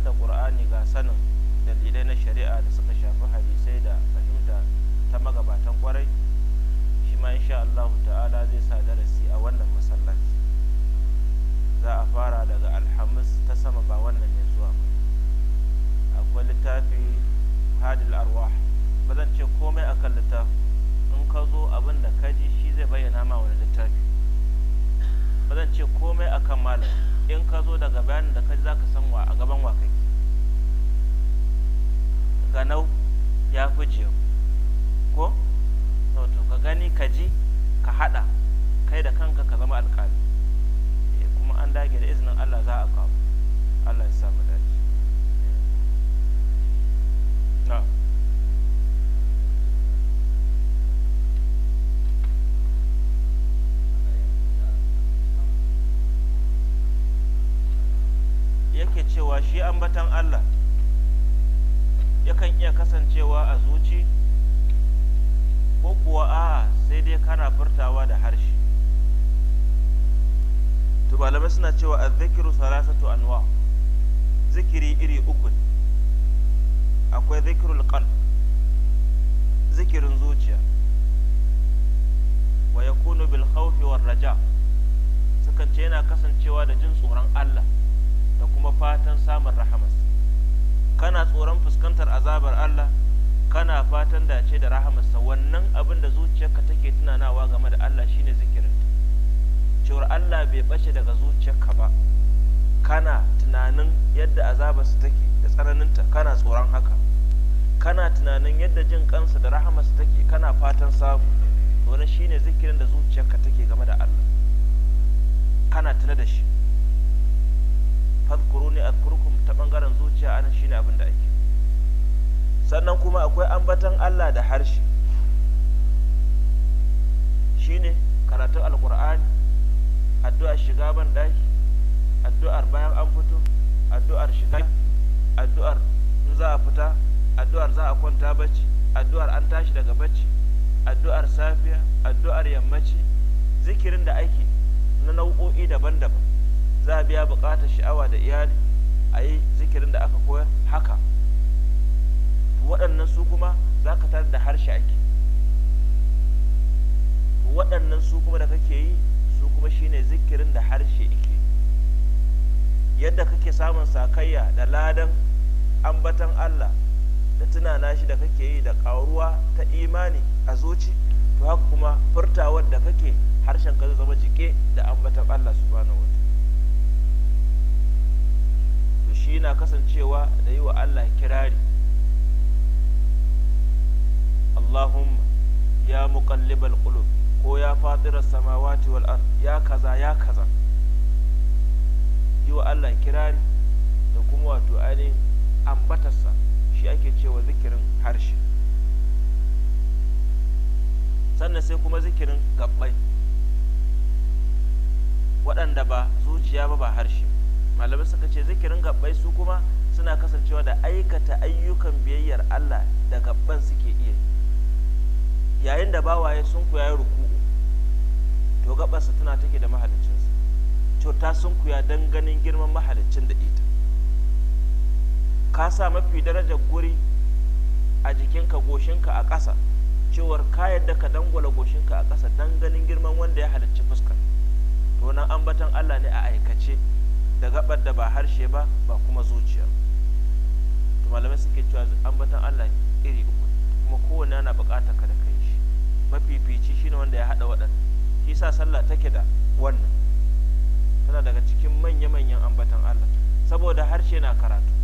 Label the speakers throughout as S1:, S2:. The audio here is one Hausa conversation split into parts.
S1: hadda qur'ani ga sanin dalilai na shari'a da suka shafi hadisai da fahimta ta magabatan kwarai shi ma insha Allah ta'ala zai sa darasi a wannan masallaci za a fara daga alhamis ta sama ba wannan ne zuwa ba akwai littafi hadil arwah ba zan ce komai akan littafi in ka zo abin da ka ji shi zai bayyana ma wani littafi ba zan ce komai akan malam in ka zo daga bayanin da ka ji za ka san wa a gaban wa kake ganau ya fi jiyau ko to ka gani ka ji ka hada kai da kanka ka zama alkali eh, kuma an dage da izinin allah za a kawo allah ya samu dace na yake cewa shi ambatan allah yakan iya kasancewa a zuci ko kuwa a'a sai dai kana furtawa da harshe to malamai suna cewa azzikiru salasatu anwa zikiri iri uku akwai zikirul qalb zikirin zuciya wa yakunu bil khawfi war raja sukan ce yana kasancewa da jin tsoron Allah da kuma fatan samun rahamarsa kana tsoron fuskantar azabar Allah kana fatan dace da rahamarsa wannan abin da zuciyarka take tunanawa game da Allah shine zikirin cewar Allah bai bace daga zuciyarka ba kana tunanin yadda azabarsa take da tsananinta kana tsoron haka kana tunanin yadda jin kansa da rahamarsa take kana fatan samu to na shine zikirin da zuciyarka take game da Allah kana tuna da shi fadkuruni adkurkum ta bangaren zuciya anan shine abin da ake sannan kuma akwai ambatan Allah da harshe shine karatun alkur'ani addu'ar shiga ban daki addu'ar bayan an fito addu'ar shiga addu'ar in za a fita addu'ar za a kwanta bacci addu'ar an tashi daga bacci addu'ar safiya addu'ar yammaci zikirin da ake na nau'o'i daban-daban za a biya buƙatar sha'awa da iyali a yi zikirin da aka koyar haka waɗannan su kuma za ka tare da harshe ake waɗannan su kuma da kake yi su kuma shine zikirin da harshe ake yadda kake samun sakayya da ladan ambatan Allah da tunana shi da kake yi da ƙaruwa ta imani a zuci to haka kuma furtawar da kake harshen ka zama jike da ambatan Allah subhanahu wa ta'ala shi yana kasancewa da yi wa Allah kirari Allahumma ya muqallibal qulub ko ya fatirar samawati wal ard ya kaza ya kaza yi wa Allah kirari da kuma wato ainihin ambatarsa shi ake cewa zikirin harshe sannan sai kuma zikirin gabbai waɗanda ba zuciya ba ba harshe malamai suka ce zikirin gabbai su kuma suna kasancewa da aikata ayyukan biyayyar Allah da gabban suke iya yayin da bawaye sun kuya ya ruku'u to su tana take da su cuta sun kuya don ganin girman mahalicin da ita ka sa mafi daraja guri a jikinka goshinka a ƙasa cewar ka yadda ka dangwala goshinka a ƙasa don ganin girman wanda ya halicci fuskar to nan ambatan Allah ne a aikace da gabar da ba harshe ba ba kuma zuciya to malamai suke cewa ambatan Allah iri uku kuma kowane yana bukata ka da kai shi mafifici shine wanda ya hada waɗanda shi sa sallah take da wannan tana daga cikin manya-manyan ambatan Allah saboda harshe na karatu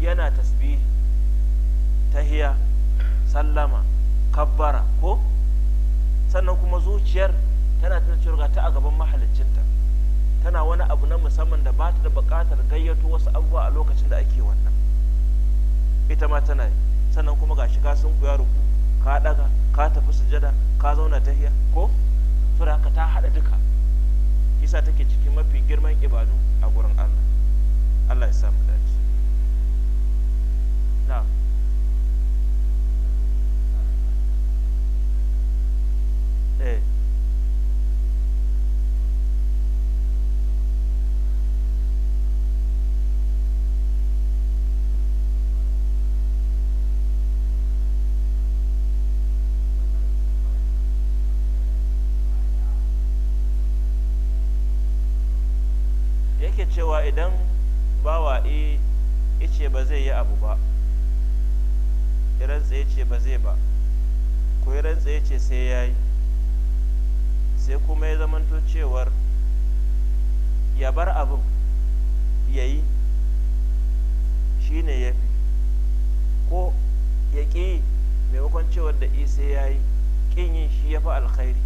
S1: yana tasbihi tahiya sallama kabbara ko sannan kuma zuciyar tana tana cewa ta a gaban mahalicinta tana wani abu na musamman da ba ta da bukatar gayyato wasu abubuwa a lokacin da ake wannan ita ma tana sannan kuma ga ka sun kuya ruku ka daga ka tafi sujada ka zauna hiya ko sura ka ta haɗa duka kisa take cikin mafi girman ibadu a gurin Allah Allah ya samu idan bawa e ce ba zai yi abu ba rantsa ce ba zai ba ko rantsa ce sai ya yi sai kuma ya zamanto cewar ya bar abin ya yi shi ne ya fi ko ya ƙi maimakon cewar da isa ya yi ƙin yin shi ya fi alkhairi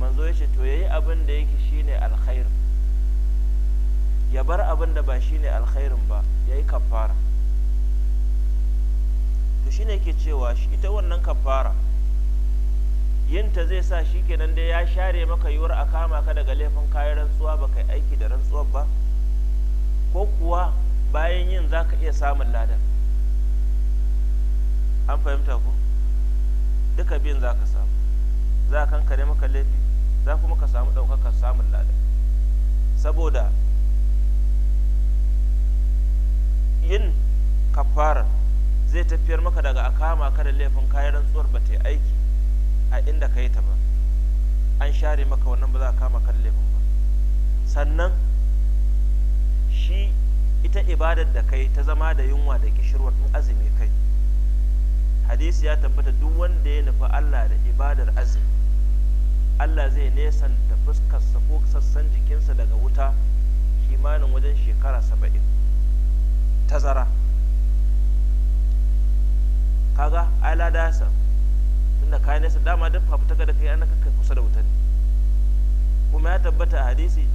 S1: manzo ya ce to ya yi abin da yake shi ne alkhairi ya bar abin da ba shi ne alkhairin ba ya yi kafara to shi ne ke cewa shi ita wannan kafara yinta zai sa shi kenan da ya share maka yiwuwar a kama ka daga laifin kayan rantsuwa ba kai aiki da rantsuwar ba ko kuwa bayan yin za ka iya samun ladan an fahimta ku duka biyun za ka samu za ka kankare maka laifi za kuma ka samu ɗaukakar samun ladan saboda yin kafarar zai tafiyar maka daga a kama ka da laifin kayan rantsuwar ba ta yi aiki a inda ka yi ta ba an share maka wannan ba za a kama ka da laifin ba sannan shi ita ibadar da kai ta zama da yunwa da kishirwar in azumi kai hadisi ya tabbata duk wanda ya nufi Allah da ibadar azumi Allah zai nesanta fuskarsa ko sassan jikinsa daga wuta kimanin wajen shekara saba'in tazara kaga ai lada ya samu tunda kayan nesa dama duk fafutuka da kai an kai kusa da wuta ne kuma ya tabbata a hadisi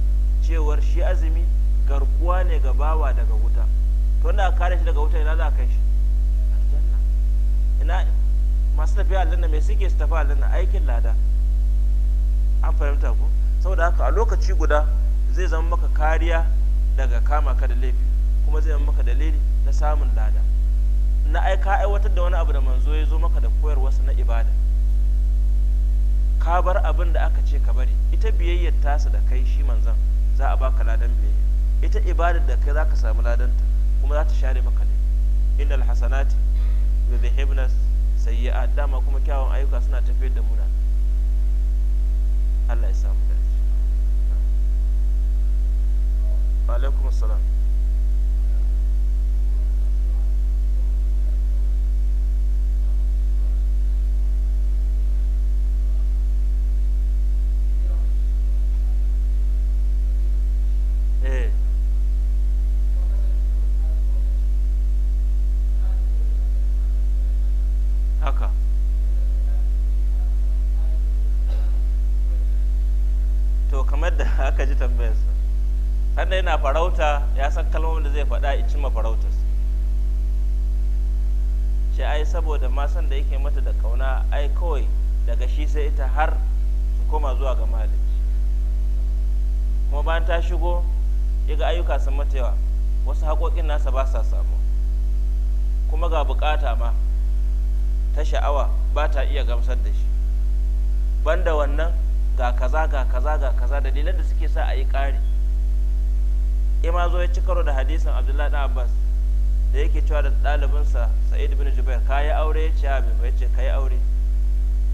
S1: cewar shi azumi garkuwa ne ga bawa daga wuta to wanda aka kare shi daga wuta ina za a kai shi ina masu tafiya aljanna me suke su tafi aljanna aikin lada an fahimta ko saboda haka a lokaci guda zai zama maka kariya daga kama ka da laifi kuma zai maka dalili na samun lada na aika aiwatar da wani abu da manzo ya zo maka da koyarwarsa na ibada ka bar abin da aka ce ka bari ita biyayyar tasa da kai shi manzan za a baka ladan biyayya ita ibadar da kai za ka samu ladanta kuma za ta share maka ne innal hasanati yudhibna sayyi'at dama kuma kyawun ayyuka suna tafiyar da muna Allah ya samu dace alaikum assalam ji tambayarsa har yana farauta ya san kalmomin da zai faɗa a cimma farautarsa shi ai saboda ma san da yake mata da kauna ai kawai daga shi sai ita har su koma zuwa ga malici kuma bayan ta shigo ga ayyuka sun mata yawa wasu haƙoƙin nasa ba sa samu kuma ga bukata ma ta sha'awa ba ta iya gamsar da shi banda wannan ga kaza ga kaza ga kaza dalilan da suke sa a yi ƙari ima zo ya ci karo da hadisin abdullahi ɗan abbas da yake cewa da ɗalibinsa sa'id bin jubair ka yi aure ya ce abin ba ya ce ka yi aure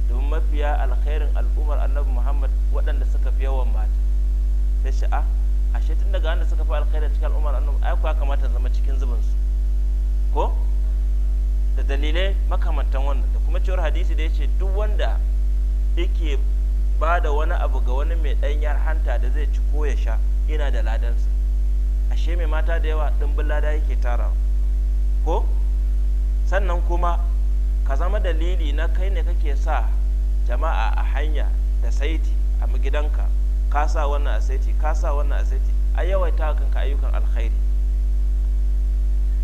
S1: domin mafiya alkhairin al'ummar annabi muhammad waɗanda suka fi yawan mata sai sha'a ashe tun daga wanda suka fi alkhairin cikin al'ummar annabi ai kuwa kamata zama cikin zubinsu ko da dalilai makamantan wannan da kuma cewar hadisi da ya ce duk wanda yake ba da wani abu ga wani mai ɗanyar hanta da zai ci ko ya sha ina da ladansa ashe mai mata da yawa ɗimbin lada yake tara ko sannan kuma ka zama dalili na kai ne kake sa jama'a a hanya da saiti a gidanka ka sa wannan a saiti ka sa wannan a saiti a yawaita kanka ayyukan alkhairi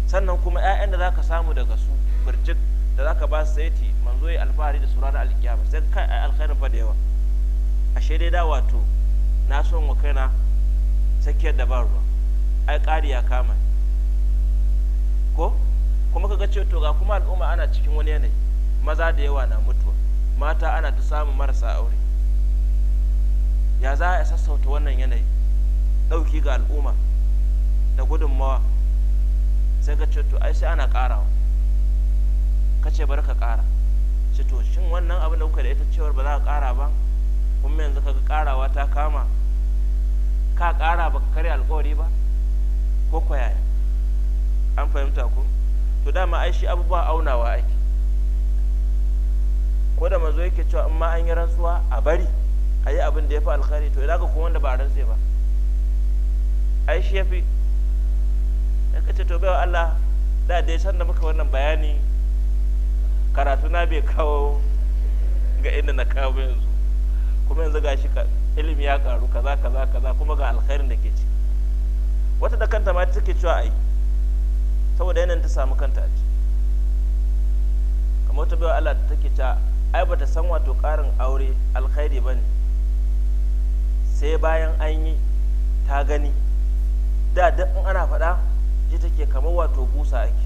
S1: sannan kuma 'ya'yan da za ka samu daga su birjik da za ka ba su saiti manzo yi alfahari da su ranar alkiyama sai kai alkhairin fa da yawa ashe dai da wato na son wa kaina tsakiyar da ba ruwa ai ƙari ya kama ko kuma kaga ce to ga kuma al'umma ana cikin wani yanayi maza da yawa na mutuwa mata ana ta samun marasa aure ya za a sassauta wannan yanayi ɗauki ga al'umma da gudunmawa sai ka ce to ai sai ana ƙarawa ka ce bar ka ƙara ce to shin wannan abin da kuka da ita cewar ba za ka ƙara ba kuma yanzu kaga karawa ta kama ka kara ba ka karya alkawari ba ko kwaya an fahimta ko to dama ai shi abubuwa aunawa ake ko da mazo yake cewa in ma an yi rantsuwa a bari a yi abin da ya fi alkhari to idan ka kuma wanda ba a rantse ba ai shi ya fi ya kace to bai wa Allah da dai san da muka wannan bayani karatu na bai kawo ga inda na kawo yanzu kuma yanzu ga shi ilimi ya karu kaza kaza kaza kuma ga alkhairin da ke ci wata da kanta ma ta take cewa ai saboda yanayin ta samu kanta a ci kamar wata baiwa Allah da take ta ai bata san wato karin aure alkhairi ne sai bayan an yi ta gani da duk in ana faɗa ji take kamar wato busa ake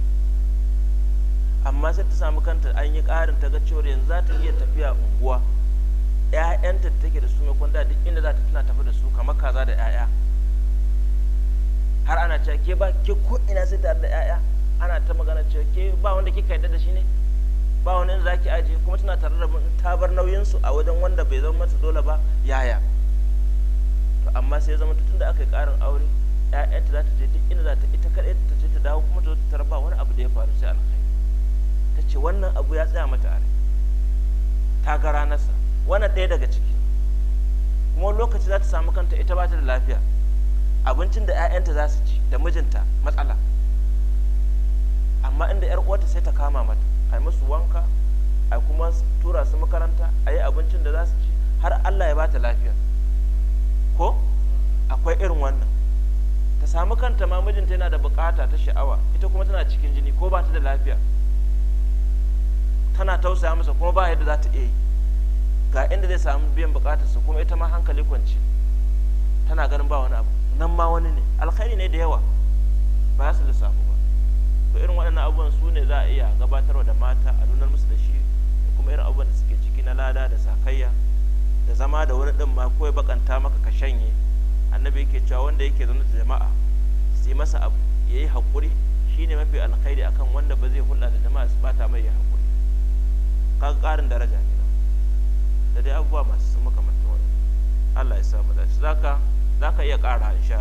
S1: amma sai ta samu kanta an yi ƙarin ta ga cewar yanzu za ta iya tafiya unguwa 'ya'yanta da take da su mai kwanda duk inda za ta tana tafi da su kamar kaza da 'ya'ya har ana cewa ke ba ke ko ina sai tare da 'ya'ya ana ta magana cewa ke ba wanda kika yadda da shi ne ba wani za ki ajiye kuma tana tare da ta bar nauyin su a wajen wanda bai zama mata dole ba yaya to amma sai zama tun da aka yi karin aure ƴaƴanta za ta je duk inda za ta ita kaɗai ta ce ta dawo kuma ta tara ba wani abu da ya faru sai alkhairi ta ce wannan abu ya tsaya mata rai ta ga ranarsa wannan ɗaya daga ciki kuma lokaci za ta samu kanta ita ba ta da lafiya abincin da 'ya'yanta za su ci da mijinta matsala amma inda 'yar uwarta sai ta kama mata a yi musu wanka a kuma tura su makaranta a yi abincin da za su ci har allah ya ba ta lafiya ko akwai irin wannan ta samu kanta ma mijinta yana da bukata ta sha'awa ita kuma tana cikin jini ko ba ta da lafiya tana tausaya masa kuma ba yadda za ta iya yi ga inda zai samu biyan bukatarsa kuma ita ma hankali kwanci tana ganin ba wani abu nan ma wani ne alkhairi ne da yawa ba su lissafu ba to irin waɗannan abubuwan su ne za a iya gabatarwa da mata a nunar musu da shi da kuma irin abubuwan da suke ciki na lada da sakayya da zama da wani ɗin ma ya bakanta maka ka shanye annabi yake cewa wanda yake zaune da jama'a su yi masa abu ya yi haƙuri shi ne mafi alkhairi akan wanda ba zai hulɗa da jama'a su bata mai ya haƙuri kaga ƙarin daraja ne da dai abubuwa masu makamantar wani Allah ya samu dace zaka zaka iya ƙara insha